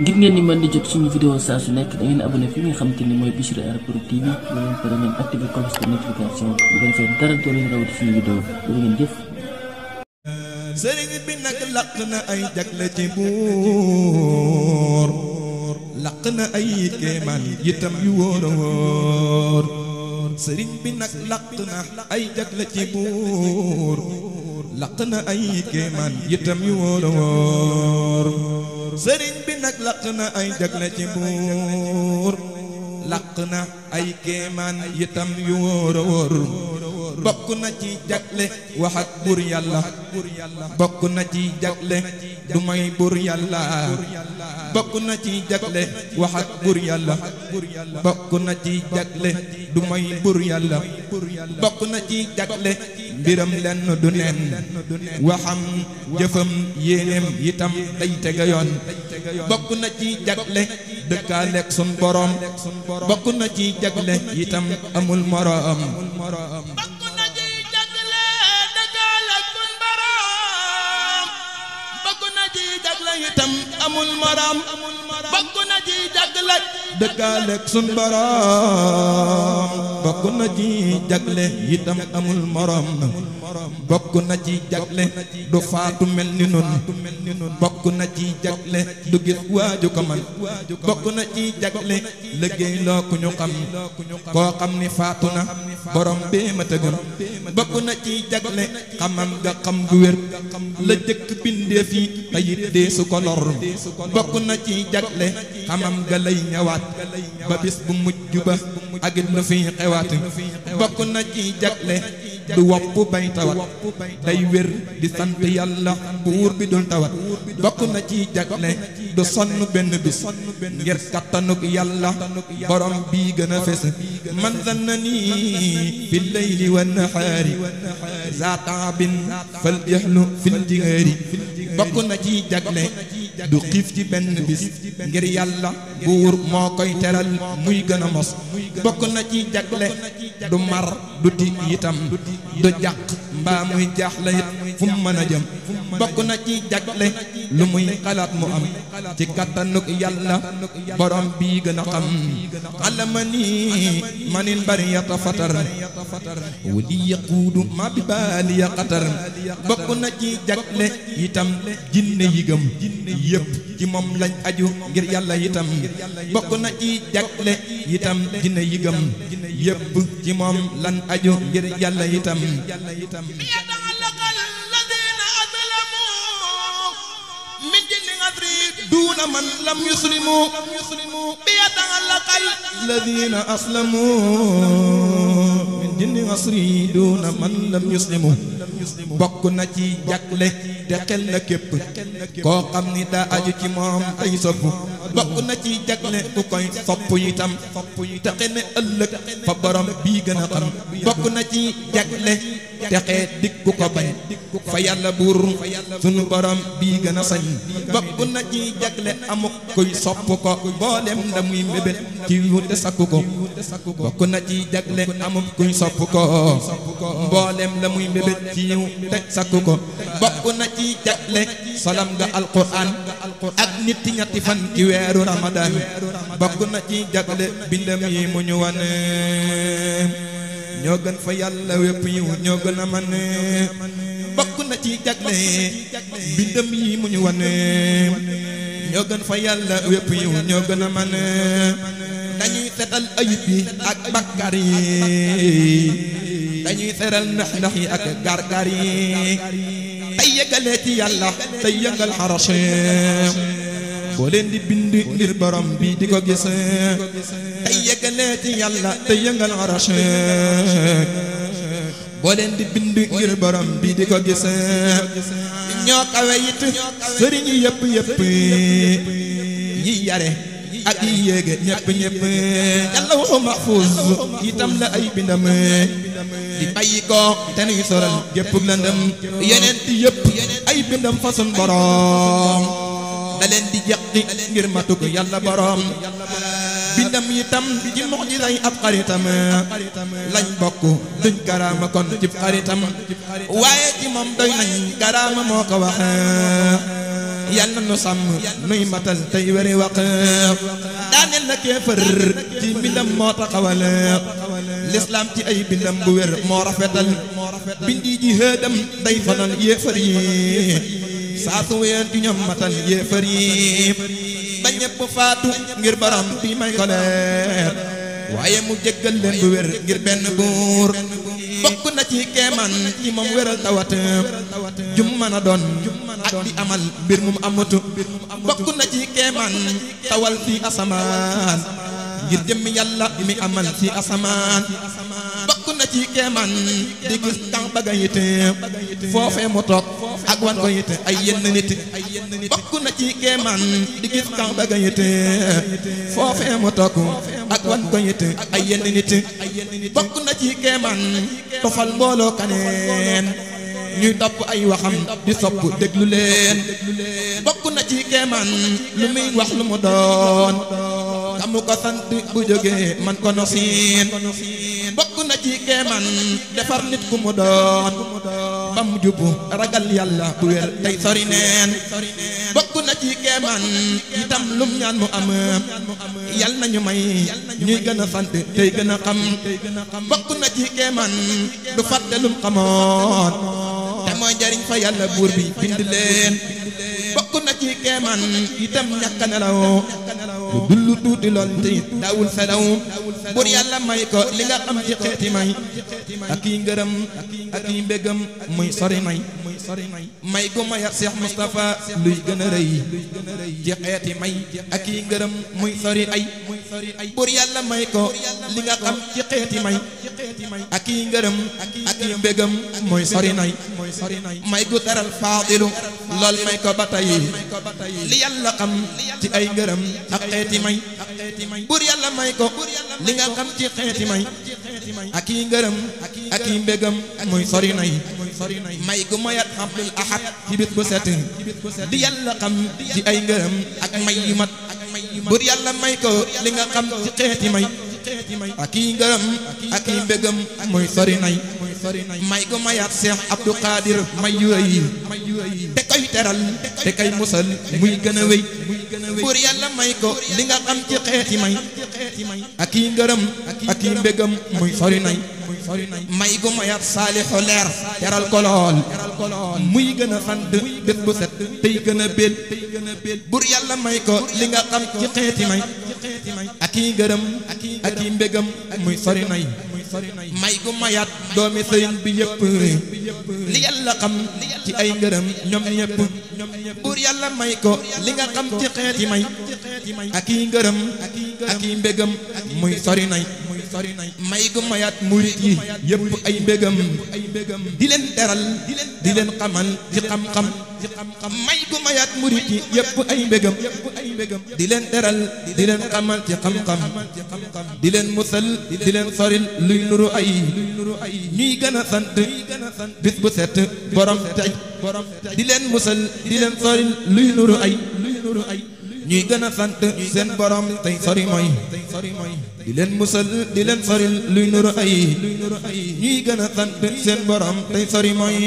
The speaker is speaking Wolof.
ngir ngeen ni mën di jot suñu vidéo saa su nekk da ngeen fi nga xam te ni mooy Bichri Airport TV ba ngeen pare ngeen dara doo leen rawati suñu vidéo doo ngeen jëf. sëriñ bi nag laq na ay jagle ci buur laq na ay kéemaan yitam yu a wóor sëriñ bi ay jagle ci buur laq na ay kéemaan yitam yu wóor la wóor sëriñ bi nag laq na ay jagle ci buur làq na ay kéemaan yitam yu wóor wóor bokk na ci jagle wax ak bur yàlla bokk na ci jagle du may bur yàlla bokk na ci jagle wax ak bur yàlla bokk na ci du may bur yàlla bokk na ci jagle mbiram lenn du neen waxam jëfam yéeneem yitam day tega yoon bokk na ci jagle dëkkaaleeg sun borom bokk na ci jagle itam amul moroom bokk na ci jagle dëkkaaleeg sun borom bokk na ci jagle itam amul moroom dëkkaaleeg sun borom bokk na ci jagle itam amul morom bokk na ci jagle du faatu mel ni nun bokk na ci jagle du gis waaju ko man bokk na ci jagle liggéey loo ku ñu xam koo xam ni faatu na borom bee ma tëgam bokk na ci jagle xamam nga xam gu wér la jëkk bindeef yi tayit dee su ko lor bokk na ci jagle xamam nga lay ñëwaat ba bis bu mujj ba ak lu fiy xewaat bokk na ci jagle du wopp bay tawat day wér di sant yàlla buur bi dul tawat bokk na ci jagle du sonn benn bis ngir kattanuk yàlla borom bii gën a fes man zannani fi leyli wa nahaari zaataabin fal jahlu fil jihaari bokk na ci jagle du xiif ci benn bis ngir yàlla buur moo koy teral muy gën a mos bokk na ci jagle du mar du ti itam du jàq mbaa muy jaaxle it fu mu mën a jëm bokk na ci jagle lu muy xalaat mu am ci kattanuk yàlla borom bii gën a xam alama nii manin bari yata fatar wali yaquudu ma bi baali ya xatar bokk na ci jagle itam jinne yi gëm yëpp ci moom lañ aju ngir yàlla itam bokk na ci jagle itam jinne yi gëm yépp ci moom lan aju ngir yàlla itam duuna man lam yuslimu bi yata'allaqal ladina aslamu dindi asri duna man lam yuslimu bokk na ci jàkle te xel na képp koo xam ni daa aju ci moom ay sopp bokk na ci jagle ku koy sopp itam texe ne ëllëg fa borom bii gën a xam bokk na ci jagle texe dik ku ko bañ fa yàlla buur sunu borom bii gën a sañ bokk na ci jagle amuk kuy sopp ko boolem da muy mébét ci wute sakku ko bokk na ci jagle amuk sopp ko mboolem la muy mbébét ci yiw te sakku ko bokk na ci jagle salam ga alquran ak nit ñetti fan ci weeru ci jagle bindam yi mu ñu wan ñoo gën fa yàlla wépp yiw ñoo gën a man bokk na ci jagle bindam yi mu ñu wan ñoo gën fa yàlla wépp yiw ñoo a man dañuy setal ayib yi ak bakkar yi dañuy seral nax nax yi ak gargar yi tey yëgalee ci yàlla tey boo leen di bind ngir borom bi di ko gis tey yëgalee ci yàlla tey yëgal boo leen di bind ngir borom bi di ko gis ñoo kawe it sëriñ yëpp yi yare ak yi yéege ñepp ñepp yàlla mahfuuz itam la ay bindam di bàyyi ko te nuy soral gépp lëndëm yeneen ti yëpp ay bindam façon borom da leen di jeqi ngir matuk yàlla borom bindam itam ci mucjizay ab xaritam lañ bokk duñ karaama kon cib xaritam waaye ci moom doy nañ karaama moo ko yal na nu sàmm nuy matal tey wari wax daaneel na kéefër ci mbindam moo taxawal lislaam ci ay bindam bu wér moo rafetal bindi ji hëdam day fanal yéefar yi saa su ween ci ñoom matal yéefar yi ba ñëpp faatu ngir borom bi may koleer waaye mu jéggal na bu wér ngir benn buur bokk na ci keeman ci moom wéral tawat jum mën a doon ak di amal mbir mum amatu bokk na ci keeman tawal fi asamaan ngir jëmmi yàlla mi amal ci asamaan ci keemaan di gis tàng bagga yitte foofee mu toog ak wan ko na ci keemaan di gis tàng bagga yitte foofee mu ak wan ko yitte ay yenn nit bokk na ci keemaan tofal mbooloo kaneen ñuy topp ay waxam di sopp déglu leen bokk na ci keemaan lu muy wax lu mu doon kamu ko sant bu jógee man ko nosiin jigéen man defar nit ku mu doon ba mu jub ragal yàlla bu wér tey sori neen bokk na ci keemaan itam lum ñaan mu am yal nañu may ñuy gën a sant tey gën a xam bokk na ci keemaan du fàtte lum xamoon te mooy fa yàlla buur bi bind leen bokk na ci keemaan itam ñàkk nelaw lu dul tuuti lool te daawul selaw bur yàlla may ko li nga am ci xeeti may ak yi ngërëm ak yi mbégam muy sori may may gu mayat Cheikh Moustapha luy gën a rëy ci xeeti may ak yi ngërëm muy sori ay bur yàlla may ko li nga am ci xeeti may ak yi ngërëm ak yi mbégam muy sori nay may gu teral faadilu lool may ko ba tey li yàlla xam ci ay ngërëm ak xeeti may buur yàlla may ko li nga xam ci xeeti may ak i ngërëm ak i mbégam muy sori nay may gu mayat Abdul Ahad ci bit bu set di yàlla xam ci ay ngërëm ak may yu mat buur yàlla may ko li nga xam ci xeeti may ak i ngërëm ak i mbégam muy sori nay may gu mayaat seex Abdou Khadir may yooyu te koy teral te koy musal muy gën a wéy pour yàlla may ko li nga xam ci xeeti may ak i ngërëm ak i mbégam muy sori nay may gu mayaat saalixu leer teral ko lool muy gën a sant bés bu set tey gën a bél bur yàlla may ko li nga xam ci xeeti may ak i ngërëm ak i mbégam muy sori nay may gu mayaat doomi sëriñ bi yëpp li yàlla xam ci ay ngërëm ñoom ñëpp buur yàlla may ko li nga xam ci xeeti may ak i ngërëm ak i mbégam muy sori may gu mayaat murit yi yëpp ay mbégam di leen deral di leen xamal di xam-xam may gu mayaat murit yi yëpp ay mbégam di leen deral di leen xamal ci xam-xam di leen musal di leen soril luy nuru ay ñuy gën a sant bis bu set borom tey di leen musal di leen soril luy nuru ay ñuy gën a sant seen borom tey sori mooy di leen musal di leen soril luy nuru ay ñuy gën a sant seen borom tey sori mooy